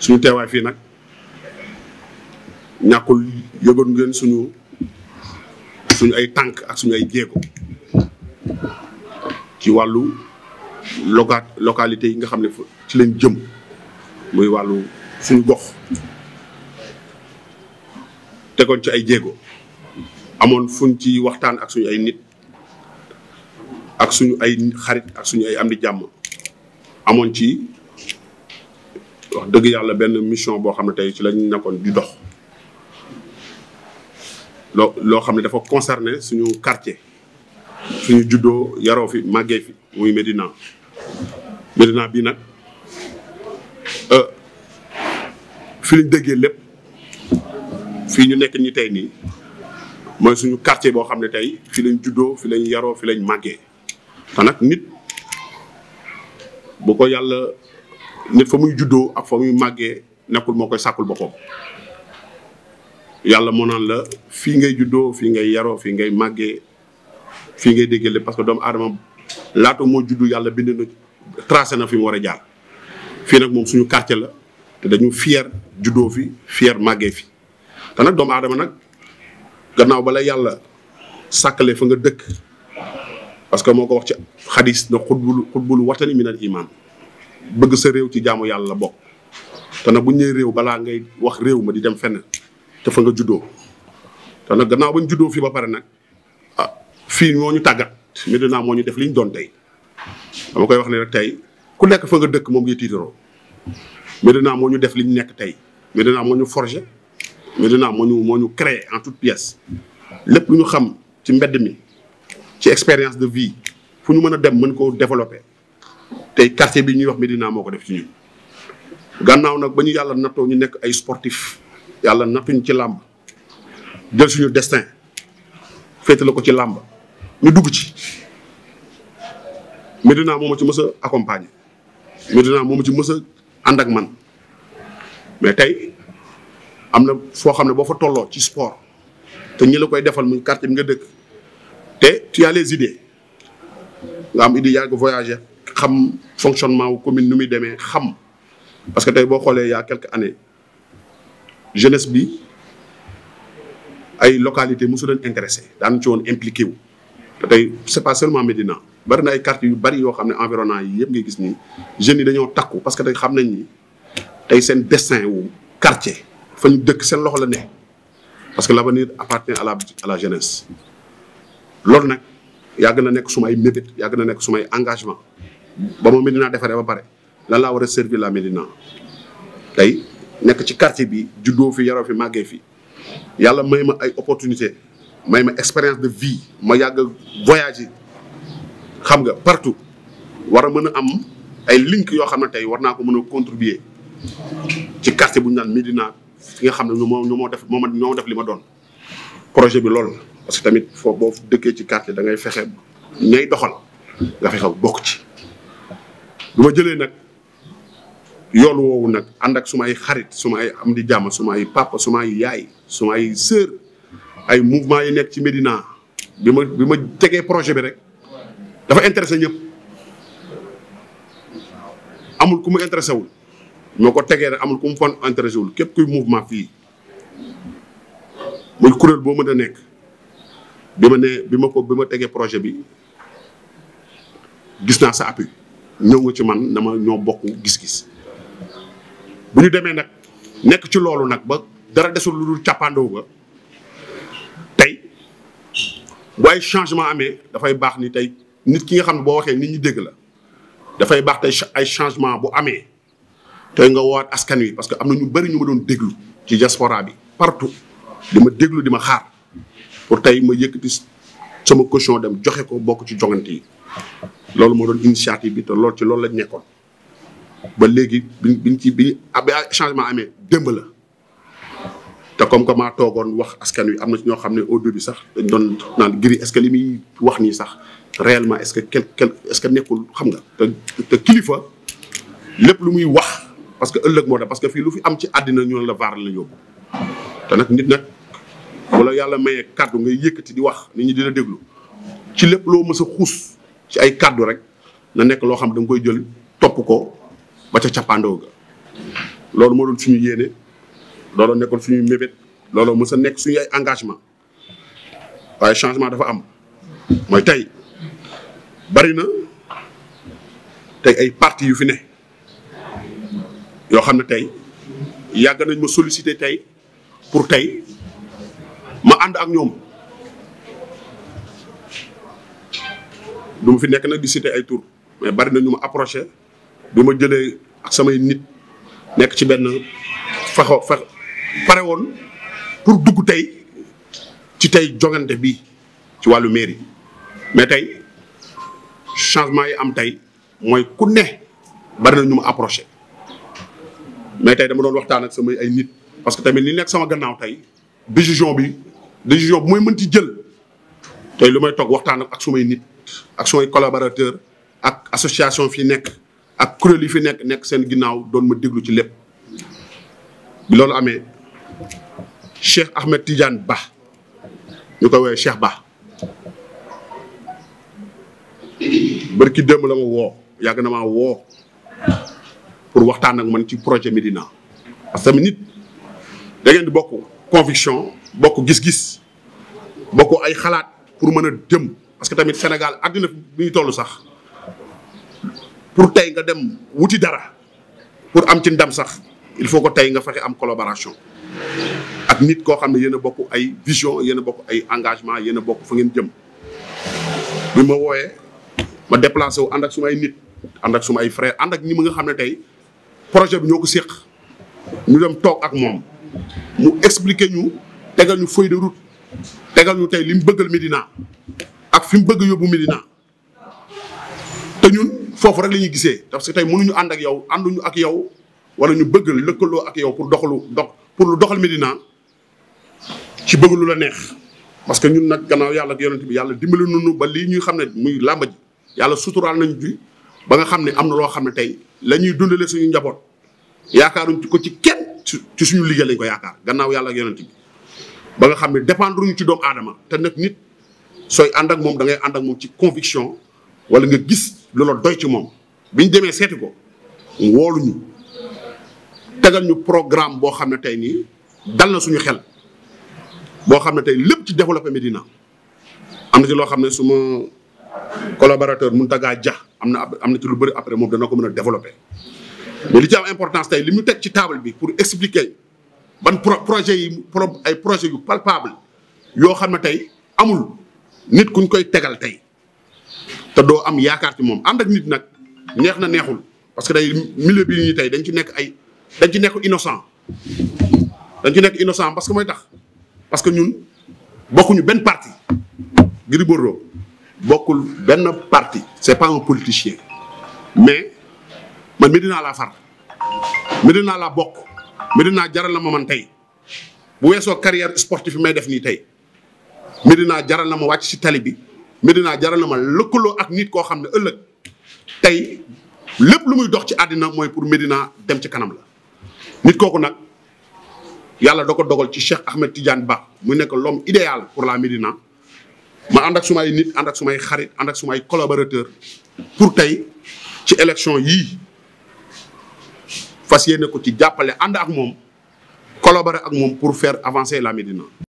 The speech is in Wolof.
suñu teewaay fii nag ñàkkul yëgoon ngeen suñu suñu ay tànk ak suñu ay jéego ci wàllu loca localité yi nga xam ne ci lañ jëm muy wàllu suñu gox. tegoon ci ay jéego amoon fuñ ci waxtaan ak suñu ay nit ak suñu ay xarit ak suñu ay am di jàmm amoon ci wax dëgg yàlla benn mission boo xam ne tey ci lañ nekkoon di dox loo xam ne dafa concerné suñu quartier suñu juddoo yaroo fi màggee fi muy Médina Médina bi nag euh, fi lañ déggee lépp fii ñu nekk ñi tey nii mooy suñu quartier boo xam ne tey fi lañ juddoo fi lañ yaroo fi lañ màggee te nit bu ko yàlla nit juddoo ak fa màggee nekkul moo koy sàkkul boppam yàlla moo naan la fii ngay juddoo fii ngay yaroo fii ngay màggee fii ngay déggale parce que doomu aadama laata moo juddu yàlla bind na tracé na fi mu war a jaar fii nag moom suñu quartier la te dañu fier juddoo fi fier màggee fi te nag doomu aadama nag gannaaw ba la yàlla sàkkale fa nga dëkk parce que moo ko wax ci xadis na xutbul xutbul watani minal iman bëgg sa réew ci jaamu yàlla la bokk tana bu ñëwee réew balaa ngay wax réew ma di dem fenn te fa nga juddoo te nag gannaaw ba ñu juddoo fii ba pare nag ah fii moo ñu tàggat Medina moo ñu def li doon tey dama koy wax ne tey ku nekk fa nga dëkk moom ngay tiitaroo Medina moo ñu def li ñu nekk tey Medina moo ñu forger Médina moo ñu moo ñu créé en toute pièce lépp ñu xam ci mbedd mi ci expérience de vie fu ñu mën a dem mën ko développé tey quartier bi ñuy wax Médina moo ko def ci ñun. gannaaw nag ba ñu yàlla nattoo ñu nekk ay sportif yàlla nattuñu ci làmb jël suñu destin féetale ko ci làmb ñu dugg ci Médina moo ma ci mës a accompagner Médina moo ci mës a ànd ak man mais tey. am na foo xam ne boo fa tolloo ci sport te ñi la koy defal muy quartier bi nga dëkk te tu as les idées nga am idée yaa ngi voyager xam fonctionnement wu commune nu muy demee xam parce que tey boo xoolee y'a quelque années jeunesse bi ay localité mosu leen intéressé daan ci woon impliqué wu tey c'est pas seulement Médina bari na ay quartiers yu bari yoo xam ne environnant yi yëpp ngay gis ni jeunes yi dañoo takku parce que tey xam nañ tey seen destin wu quartier fañ dëkk seen loxo la ne parce que l'avenir appartient à la à la jeunesse loolu nag yàgg na nekk sumay mébét yàgg na nekk sumay engagement ba ma Médina defaree ba pare lan laa war a servir la Médina tey nekk ci quartier bi juddoo fi yaroo fi màggee fi yàlla may ma ay opportunité may ma expérience de vie ma yàgg voyage yi xam nga partout war a mën a am ay link yoo xam ne tey war naa ko mën a contribuer ci quartier bu ñu naan Médina ki nga xam ne ñu moo moo def moo ma ñoo def li ma doon projet bi loolu parce que tamit foo boo dëkkee ci quartier da ngay fexe ñay doxal nga fexe bokk ci lu ma jëlee nag yoon woowu nag ànd ak suma ay xarit suma ay am di jàmm suma ay papa suma ay yaay suma ay sœur ay mouvement yi nekk ci Médina bi ma bi ma tegee projet bi rek dafa intéressé ñëpp amul ku mu intéressé wul moo ko tegee rek amul ku mu fan képp kuy mouvement fii muy kuréel boo mën a nekk bi ma ne bi ma ko bi ma tegee projet bi gis naa sa appui ñëw nga ci man dama ñoo bokk gis-gis bu ñu demee nag nekk ci loolu nag ba dara desul lu dul càppaandaw ga tey bu ay changement amee dafay baax ni tey nit ki nga xam ne boo waxee nit ñi dégg la dafay baax tey ay changement bu amee tey nga woowaat askan wi parce que am na ñu bëri ñu déglu ci diaspora bi partout di ma déglu di ma xaar pour tey ma yëkkati sama caution dem joxe ko bokk ci jongante yi loolu moo doon initiative bi te loolu ci loolu lañ nekkoon ba léegi biñ ci biñ ab changement amee démb la te comme maa toogoon wax askan wi am na ñoo xam ne au début sax dañ doon naan giri ce que li muy wax nii sax réellement est-ce que quel quel est-ce que nekkul xam nga te te kilifa lépp lu muy wax parce que ëllëg moo tax parce que fii lu fi am ci àddina ñoo la vaar la yóbbu te nag nit nag wala yàlla mayee kàddu ngay yëkkati di wax nit ñi di la déglu ci lépp loo mës a ci ay kàddu rek na nekk loo xam da nga koy jël topp ko ba ca cappaandoo ga loolu moo doon suñu yéene looloo nekkoon suñu mébét looloo mës a nekk suñu ay engagement waaye changement dafa am mooy tey bari na tey ay parti yu fi ne yoo xam ne tey yàgg nañ ma sollicité tey pour tey ma ànd ak ñoom du ma fi nekk nag di cité ay tur mais bari na ñu ma approché bi ma jëlee ak samay nit nekk ci benn fexe fexe pare woon pour dugg tey ci tey jongante bi ci wàllu mairie mais tey changement yi am tey mooy ku ne bari na ñu ma approché mais tey dama doon waxtaan ak samay ay nit parce que tamit li nekk sama gannaaw tey décision bi décision bu may mën ci jël tey lu may toog waxtaan ak sumay nit ak sumay collaborateur ak association fi nekk ak kuréel yi fi nekk nekk seen ginnaaw doon ma déglu ci lépp bi loolu amee Cheikh Ahmed Tidiane Ba ñu koy woowee Cheikh Ba bërki démb la ma woo yàgg na ma woo pour waxtaan ak man ci projet Médina parce que nit da di bokk conviction bokk gis-gis bokk ay xalaat pour mën a dem parce que tamit Sénégal àddina bi toll sax pour tey nga dem wuti dara pour am ci ndam sax il faut que tey nga fexe am collaboration ak nit koo xam ne yéen bokk ay vision yéen bokk ay engagement yéen a bokk fa ngeen jëm bi ma wooyee ma déplacé wu ànd ak suma ay nit ànd ak suma ay frère ànd ak ñi ma nga xam ne tey projet bi ñoo ko séq ñu dem toog ak moom mu expliquer ñu tegal ñu feuille de route tegal ñu tey li mu bëggal Médina ak fi mu bëgg yóbbu Médina te ñun foofu rek la ñuy gisee parce que tey mënuñu ànd ak yow ànduñu ak yow wala ñu bëgg lëkkaloo ak yow pour doxalu dox pour lu doxal Médina ci bëgg la neex. parce que ñun nag gannaaw yàlla ak bi yàlla dimbali nañu ba lii ñuy xam ne muy làmba ji yàlla suturaal nañu bi ba nga xam ne am na loo xam ne tey. la ñuy dundale suñu njaboot yaakaaruñ ko ci kenn ci suñu liggéey lañ ko yaakaar gannaaw yàlla ak yonent bi ba nga xam ne dépendre ñu ci doomu aadama te nag nit sooy ànd ak moom dangay ngay moom ci conviction wala nga gis loola doy ci moom biñ demee seeti ko wooluñu tegal ñu programme boo xam ne tey nii dal na suñu xel boo xam ne tey lépp ci développé Médina am na si loo xam ne suma collaborateur tagaa Dia am na am na ci lu bëri après moom dana ko mën a développer mais li ci am importance tey li ñu teg ci table bi pour expliquer ban projet yi ay projet yu palpable yoo xam ne tey amul nit kuñ koy tegal tey te doo am yaakaar ci moom ànd ak nit nag neex na neexul parce que day milieu bi ñuy tey dañ ci nekk ay dañ ci nekk innocent dañ ci nekk innocent parce que moy tax parce que ñun bokkuñu benn parti Gris bokkul benn parti c'est pas un politicien mais man Médina laa far Médina laa bokk Médina jaral na ma man tey bu weesoo carrière sportive bi may def nii tey Médina jaral na ma wàcc ci tali bi Médina jaral na ma lëkkaloo ak nit koo xam ne ëllëg tey lépp lu muy dox ci àddina mooy pour Médina dem ci kanam la nit kooku nag yàlla da ko dogal ci Cheikh Ahmed Tidiane Ba mu nekk l'homme idéal pour la Médina ma ànd ak sumay nit ànd ak sumay xarit ànd ak sumay collaborateur pour tey ci élection yii fas yéene ko ci jàppale ànd ak moom collaborer ak moom pour faire avancer la Médina